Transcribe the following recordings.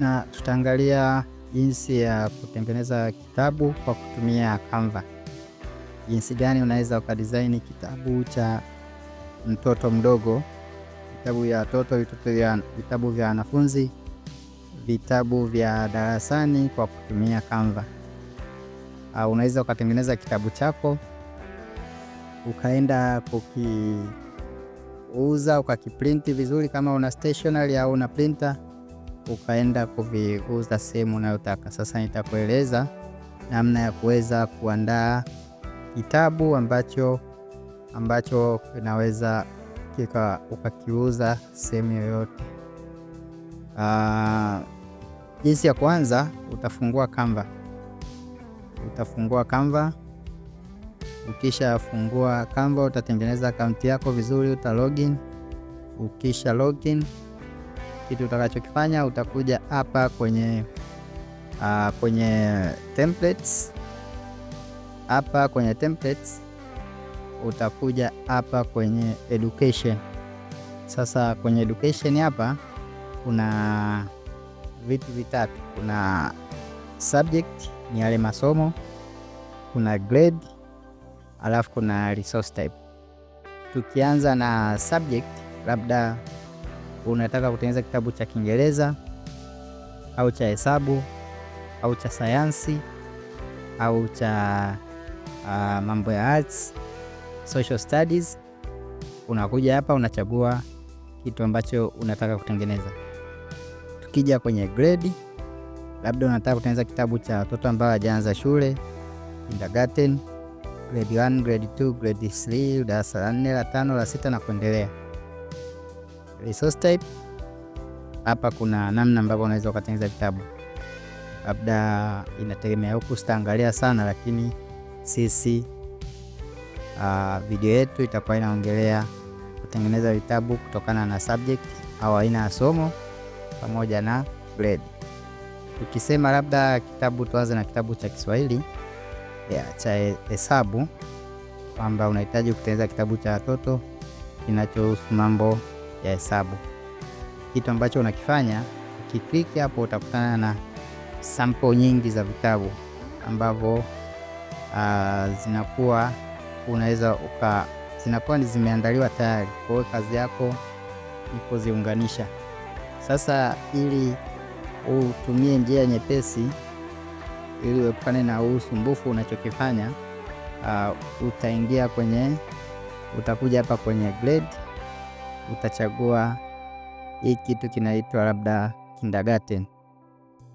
na tutaangalia jinsi ya kutengeneza kitabu kwa kutumia Canva. Jinsi gani unaweza ukadesign kitabu cha mtoto mdogo, vitabu vya watoto, vitabu vya wanafunzi, vitabu vya darasani kwa kutumia Canva. Uh, unaweza ukatengeneza kitabu chako ukaenda kukiuza ukakiprinti vizuri, kama una stationery au una printer ukaenda kuviuza sehemu unayotaka. Sasa nitakueleza namna ya kuweza kuandaa kitabu ambacho ambacho kinaweza kika ukakiuza sehemu yoyote. Ah, jinsi ya kwanza utafungua Canva, utafungua Canva. Ukishafungua Canva utatengeneza akaunti yako vizuri, uta login. Ukisha login kitu utakachokifanya utakuja hapa kwenye uh, kwenye templates hapa kwenye templates utakuja hapa kwenye education. Sasa kwenye education hapa kuna vitu vitatu, kuna subject ni yale masomo, kuna grade, alafu kuna resource type. Tukianza na subject labda unataka kutengeneza kitabu cha Kiingereza au cha hesabu au cha sayansi au cha uh, mambo ya arts, social studies, unakuja hapa unachagua kitu ambacho unataka kutengeneza. Tukija kwenye grade, labda unataka kutengeneza kitabu cha watoto ambao hawajaanza shule kindergarten, grade 1, grade 2, grade 3, darasa la 4, la 5, la 6 na kuendelea resource type. Hapa kuna namna ambavyo unaweza ukatengeneza vitabu, labda inategemea huku, sitaangalia sana lakini sisi uh, video yetu itakuwa inaongelea kutengeneza vitabu kutokana na subject au aina ya somo pamoja na grade. Tukisema labda kitabu, tuanze na kitabu cha Kiswahili yeah, cha hesabu, kwamba unahitaji kutengeneza kitabu cha watoto kinachohusu mambo ya hesabu. Kitu ambacho unakifanya ukiklik hapo, utakutana na sample nyingi za vitabu ambavyo uh, zinakuwa unaweza uka zinakuwa zimeandaliwa tayari. Kwa hiyo kazi yako ni kuziunganisha. Sasa ili utumie njia nyepesi ili uepukane na usumbufu unachokifanya, uh, utaingia kwenye utakuja hapa kwenye grade utachagua hii kitu kinaitwa labda kindergarten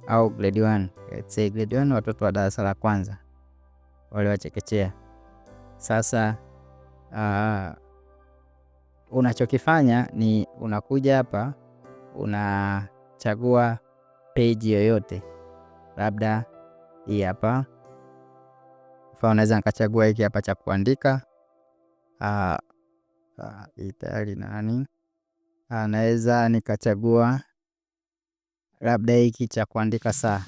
au grade 1. Let's say grade 1, watoto wa darasa la kwanza wale chekechea. Sasa uh, unachokifanya ni unakuja hapa unachagua peji yoyote, labda hii hapa mfano, unaweza nikachagua hiki hapa cha kuandika uh, hii ah, tayari nani anaweza ah, nikachagua labda hiki cha kuandika saa,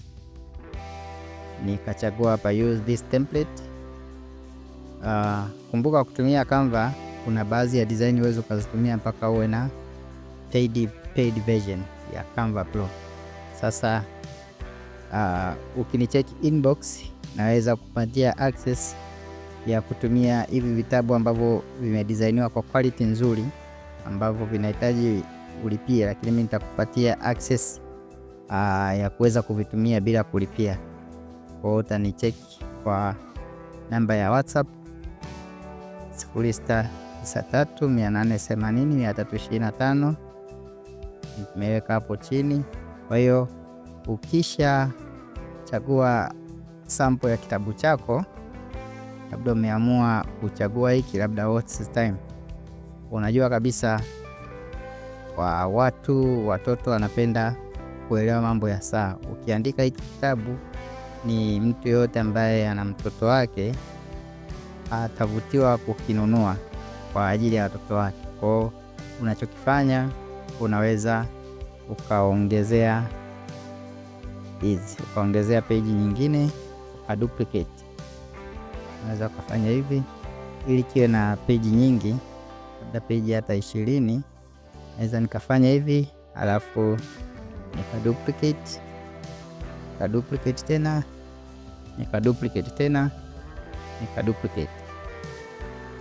nikachagua hapa use this template. Uh, kumbuka kutumia Canva, kuna baadhi ya design uwezo ukazitumia mpaka uwe na paid, paid version ya Canva Pro. Sasa uh, ukinicheki inbox naweza kupatia access ya kutumia hivi vitabu ambavyo vimedizainiwa kwa quality nzuri ambavyo vinahitaji ulipie, lakini mimi nitakupatia access uh, ya kuweza kuvitumia bila kulipia. Kwa hiyo utanicheki kwa namba ya WhatsApp 0693880325 nimeweka hapo chini. Kwa hiyo ukisha chagua sampo ya kitabu chako labda umeamua kuchagua hiki, labda what's the time. Unajua kabisa wa watu watoto wanapenda kuelewa mambo ya saa. Ukiandika hiki kitabu, ni mtu yoyote ambaye ana mtoto wake atavutiwa kukinunua kwa ajili ya watoto wake. Kwao unachokifanya unaweza ukaongezea hizi ukaongezea peji nyingine ukaduplicate unaweza ukafanya hivi ili kiwe na peji nyingi, labda peji hata ishirini. Naweza nikafanya hivi alafu nika duplicate tena, duplicate tena, duplicate,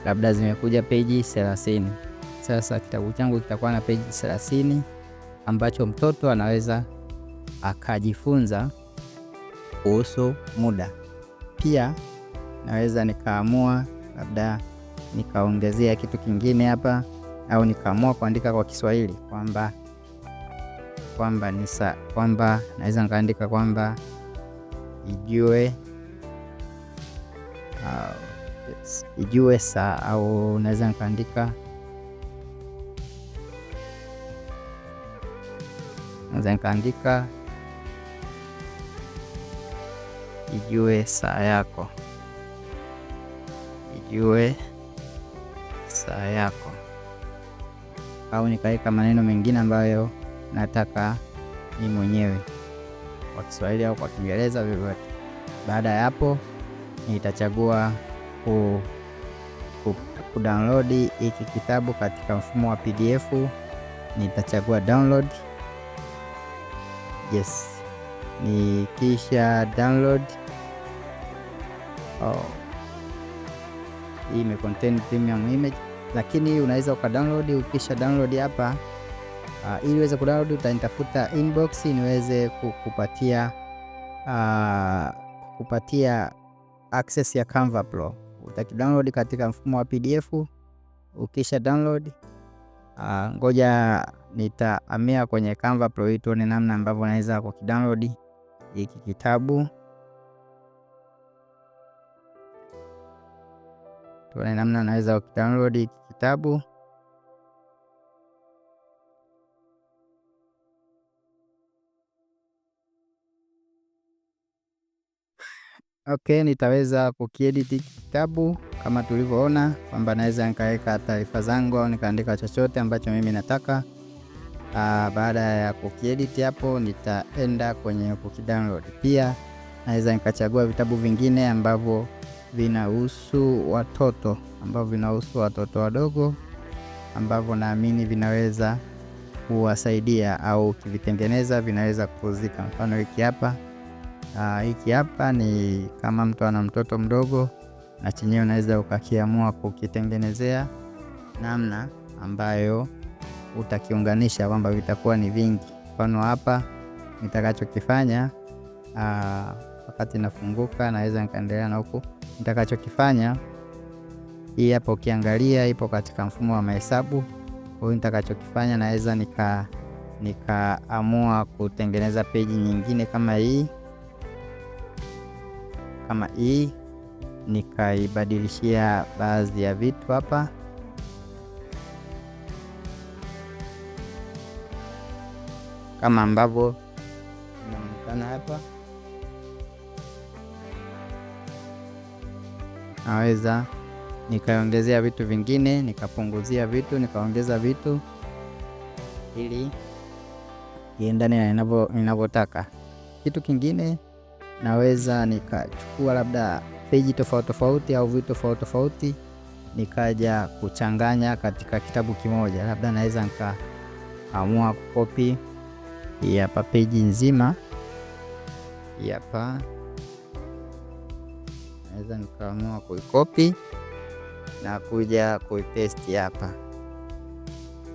labda zimekuja peji thelathini. Sasa kitabu changu kitakuwa na peji thelathini ambacho mtoto anaweza akajifunza kuhusu muda pia naweza nikaamua labda nikaongezea kitu kingine hapa, au nikaamua kuandika kwa Kiswahili kwamba kwamba nisa kwamba naweza nikaandika kwamba ijue uh, ijue saa, au naweza nikaandika naweza nikaandika ijue saa yako ujue saa yako, au nikaweka maneno mengine ambayo nataka ni mwenyewe kwa Kiswahili au kwa Kiingereza vyovyote. Baada ya hapo, nitachagua ku, ku, ku download hiki kitabu katika mfumo wa PDF. Nitachagua download yes, nikisha download oh hii ime contain premium image, lakini unaweza uka download. Ukisha download hapa uh, ili uweze kudownload utanitafuta inbox niweze kukupatia uh, ah, kupatia access ya Canva Pro. Utaki download katika mfumo wa PDF. Ukisha download uh, ngoja nitahamia kwenye Canva Pro hii tuone namna ambavyo unaweza kukidownload hiki kitabu. tuone namna unaweza kudownload kitabu. Okay, nitaweza kukiedit kitabu kama tulivyoona kwamba naweza nikaweka taarifa zangu au nikaandika chochote ambacho mimi nataka. Aa, ah, baada ya kukiediti hapo nitaenda kwenye kukidownload. Pia naweza nikachagua vitabu vingine ambavyo vinahusu watoto, ambavyo vinahusu watoto wadogo, ambavyo naamini vinaweza kuwasaidia au ukivitengeneza vinaweza kupuzika. Mfano hiki hapa uh, hiki hapa ni kama mtu ana mtoto mdogo, na chenyewe unaweza ukakiamua kukitengenezea namna ambayo utakiunganisha kwamba vitakuwa ni vingi. Mfano hapa nitakachokifanya uh, wakati nafunguka, naweza nikaendelea na huku. Nitakachokifanya, hii hapa ukiangalia ipo katika mfumo wa mahesabu. Kwa hiyo nitakachokifanya, naweza nika nikaamua kutengeneza peji nyingine kama hii kama hii nikaibadilishia baadhi ya vitu hapa. Kama ambavyo inaonekana hapa. naweza nikaongezea vitu vingine, nikapunguzia vitu, nikaongeza vitu ili iendane na ninavyotaka. Kitu kingine naweza nikachukua labda peji tofauti tofauti au vitu tofauti tofauti nikaja kuchanganya katika kitabu kimoja. Labda naweza nikaamua kukopi hapa peji nzima hapa naweza nikaamua kuikopi na kuja kuipesti hapa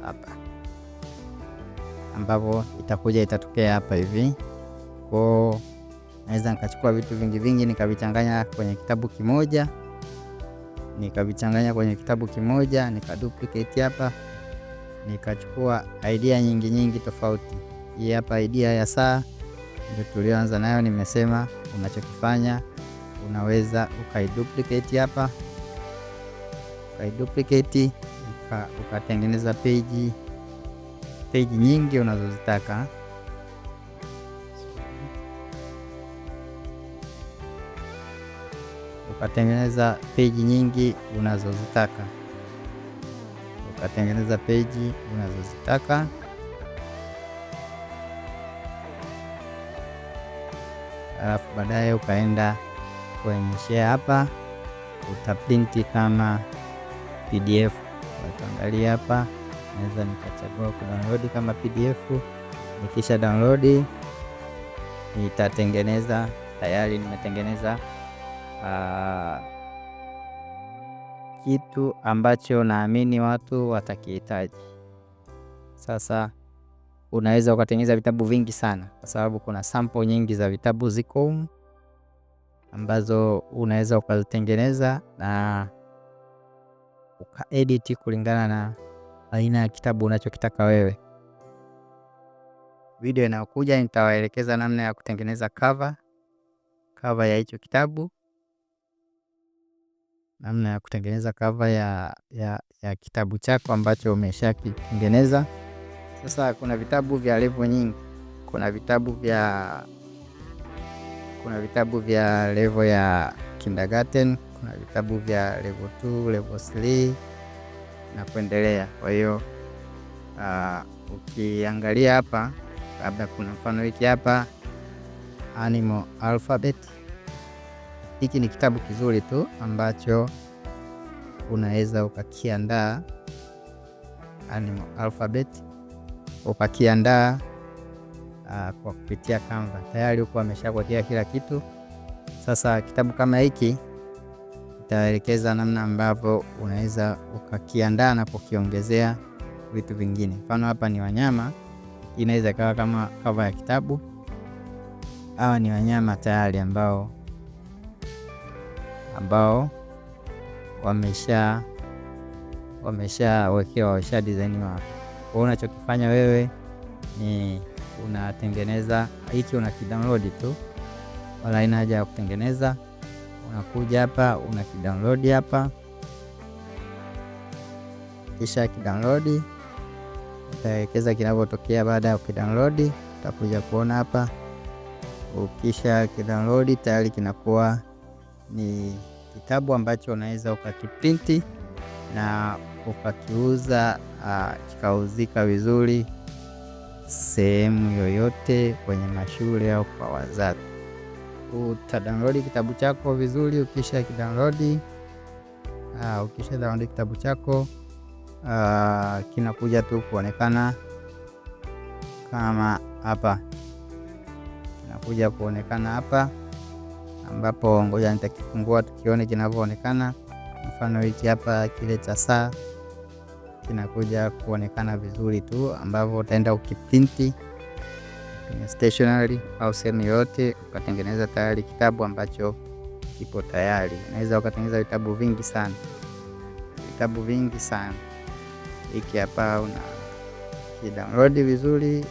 hapa, ambapo itakuja itatokea hapa hivi kwa naweza nikachukua vitu vingi vingi nikavichanganya kwenye kitabu kimoja, nikavichanganya kwenye kitabu kimoja, nikaduplicate hapa, nikachukua idea nyingi nyingi tofauti. Hii hapa idea ya saa ndio tulioanza nayo, nimesema unachokifanya unaweza ukaiduplicate hapa, ukaiduplicate ukatengeneza page page nyingi unazozitaka. Ukatengeneza page nyingi unazozitaka, ukatengeneza page unazozitaka. Alafu baadaye ukaenda kuonyeshea hapa, utaprinti kama PDF. Wataangalia hapa, naweza nikachagua kudownload kama PDF. Nikisha download nitatengeneza, tayari nimetengeneza uh, kitu ambacho naamini watu watakihitaji. Sasa unaweza ukatengeneza vitabu vingi sana, kwa sababu kuna sample nyingi za vitabu ziko ambazo unaweza ukazitengeneza na ukaedit kulingana na aina ya kitabu unachokitaka wewe. Video inayokuja nitawaelekeza namna ya kutengeneza cover, cover ya hicho kitabu, namna ya kutengeneza cover ya, ya, ya kitabu chako ambacho umeshakitengeneza. Sasa kuna vitabu vya level nyingi, kuna vitabu vya kuna vitabu vya level ya kindergarten, kuna vitabu vya level 2, level 3 na kuendelea. Kwa hiyo uh, ukiangalia hapa labda kuna mfano hiki hapa Animal Alphabet. Hiki ni kitabu kizuri tu ambacho unaweza ukakiandaa Animal Alphabet ukakiandaa uh, kwa kupitia Canva. Tayari huko ameshakuwekea kila kitu. Sasa kitabu kama hiki itaelekeza namna ambavyo unaweza ukakiandaa na kukiongezea vitu vingine. Mfano hapa ni wanyama, inaweza ikawa kama cover ya kitabu. Hawa ni wanyama tayari ambao ambao wamesha wameshawekewa wamesha dizainiwa. Kwa unachokifanya wewe ni unatengeneza hiki, una kidownload tu, wala haina haja ya kutengeneza. Unakuja hapa una kidownload hapa, kisha kidownload utaelekeza kinavyotokea. Baada ya kidownload utakuja kuona hapa. Ukisha kidownload tayari kinakuwa ni kitabu ambacho unaweza ukakiprinti na ukakiuza, uh, kikauzika vizuri sehemu yoyote kwenye mashule au kwa wazazi. Utadownload kitabu chako vizuri, ukisha kidownload uh, ukisha download kitabu chako uh, kinakuja tu kuonekana kama hapa, kinakuja kuonekana hapa, ambapo ngoja nitakifungua tukione kinavyoonekana. Mfano hichi hapa kile cha saa kinakuja kuonekana vizuri tu, ambavyo utaenda ukiprinti kwenye stationery au sehemu yoyote ukatengeneza tayari kitabu ambacho kipo tayari. Unaweza ukatengeneza vitabu vingi sana, vitabu vingi sana. Hiki hapa una kidownload vizuri,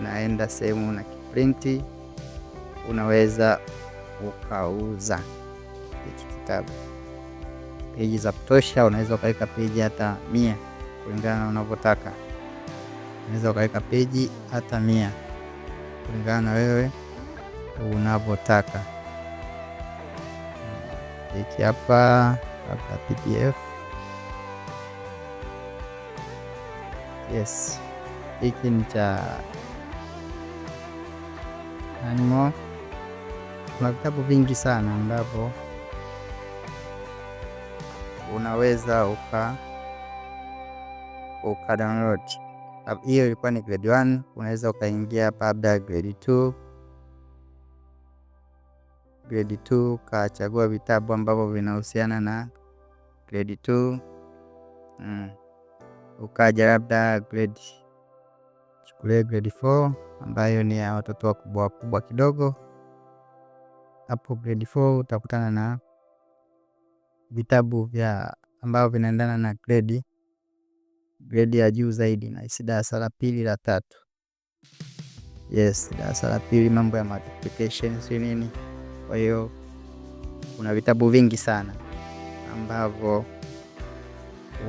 unaenda sehemu na kiprinti, unaweza ukauza hiki kitabu peji za kutosha, unaweza ukaweka peji hata mia kulingana na unavyotaka. Unaweza ukaweka peji hata mia kulingana na wewe unavyotaka. Hiki hapa labda PDF. Yes, hiki ni cha animo. Kuna vitabu vingi sana ambavyo unaweza uka uka download hiyo. Ilikuwa ni grade 1, unaweza ukaingia hapa labda grade 2 grade 2 ukachagua vitabu ambavyo vinahusiana na grade 2 mm. Ukaja labda grade chukulia grade 4 ambayo ni ya watoto wakubwa wakubwa kidogo. Hapo grade 4 utakutana na vitabu vya ambavyo vinaendana na gredi gredi ya juu zaidi, na isi darasa la pili la tatu. Yes, darasa la pili mambo ya multiplication si nini. Kwa hiyo kuna vitabu vingi sana ambavyo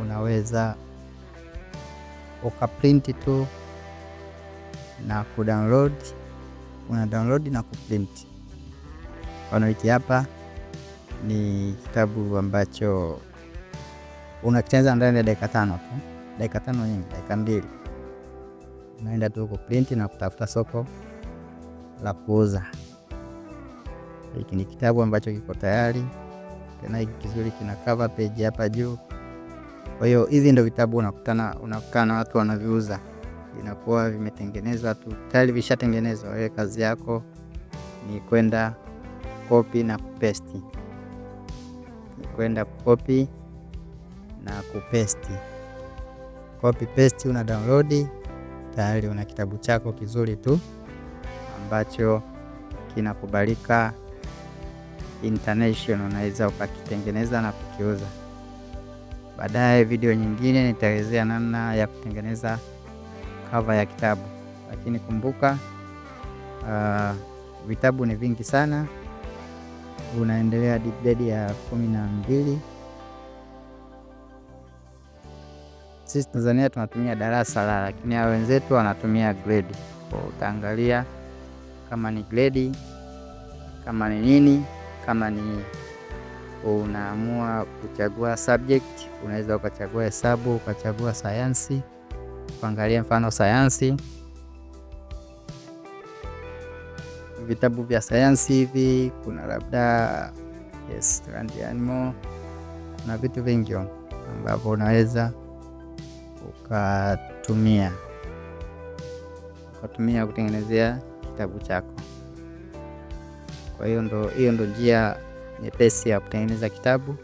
unaweza ukaprint tu na kudownload, una download na kuprint, Kwa wiki hapa ni kitabu ambacho unakitengeneza ndani ya dakika tano tu, dakika tano nyingi, dakika mbili, unaenda tu kuprinti na kutafuta soko la kuuza. Hiki ni kitabu ambacho kiko tayari tena, hiki kizuri, kina cover page hapa juu. Kwa hiyo hizi ndio vitabu unakutana na watu wanaviuza, vinakuwa vimetengenezwa tu tayari, vishatengenezwa. Wewe kazi yako ni kwenda kopi na kupesti kwenda kukopi na kupesti. Copy paste, una download tayari, una kitabu chako kizuri tu ambacho kinakubalika international, unaweza ukakitengeneza na kukiuza. Baadaye video nyingine nitaelezea namna ya kutengeneza cover ya kitabu, lakini kumbuka uh, vitabu ni vingi sana unaendelea hadi gredi ya kumi na mbili. Sisi Tanzania tunatumia darasa la, lakini hao wenzetu wanatumia gredi. utaangalia kama ni gredi, kama ni nini, kama ni unaamua kuchagua subject, unaweza ukachagua hesabu, ukachagua sayansi, kuangalia mfano sayansi vitabu vya sayansi hivi, kuna labda yes, Animal kuna vitu vingi ambavyo unaweza ukatumia ukatumia kutengenezea kitabu chako. Kwa hiyo ndo hiyo ndo njia nyepesi ya kutengeneza kitabu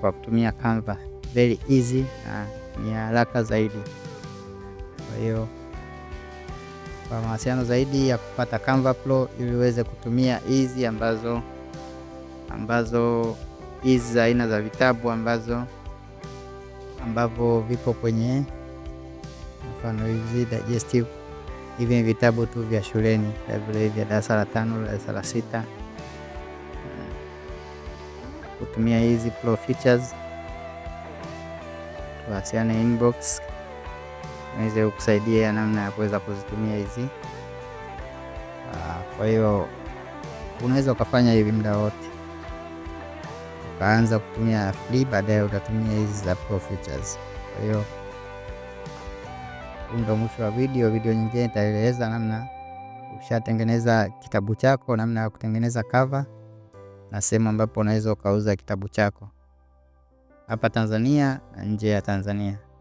kwa kutumia Canva, very easy na ni haraka zaidi, kwa hiyo kwa mawasiliano zaidi ya kupata Canva Pro ili uweze kutumia hizi ambazo ambazo hizi za aina za vitabu ambazo ambavyo vipo kwenye mfano hizi digestive. Hivi ni vitabu tu vya shuleni vile vya darasa la tano, darasa la sita. Kutumia hizi pro features, tuwasiliane inbox niweze kukusaidia namna ya kuweza kuzitumia hizi. Ah, kwa hiyo unaweza ukafanya hivi muda wote, ukaanza kutumia free, baadaye utatumia hizi za pro features. Kwa hiyo ndio mwisho wa video. Video nyingine itaeleza namna ushatengeneza kitabu chako, namna ya kutengeneza cover na sehemu ambapo unaweza ukauza kitabu chako hapa Tanzania na nje ya Tanzania.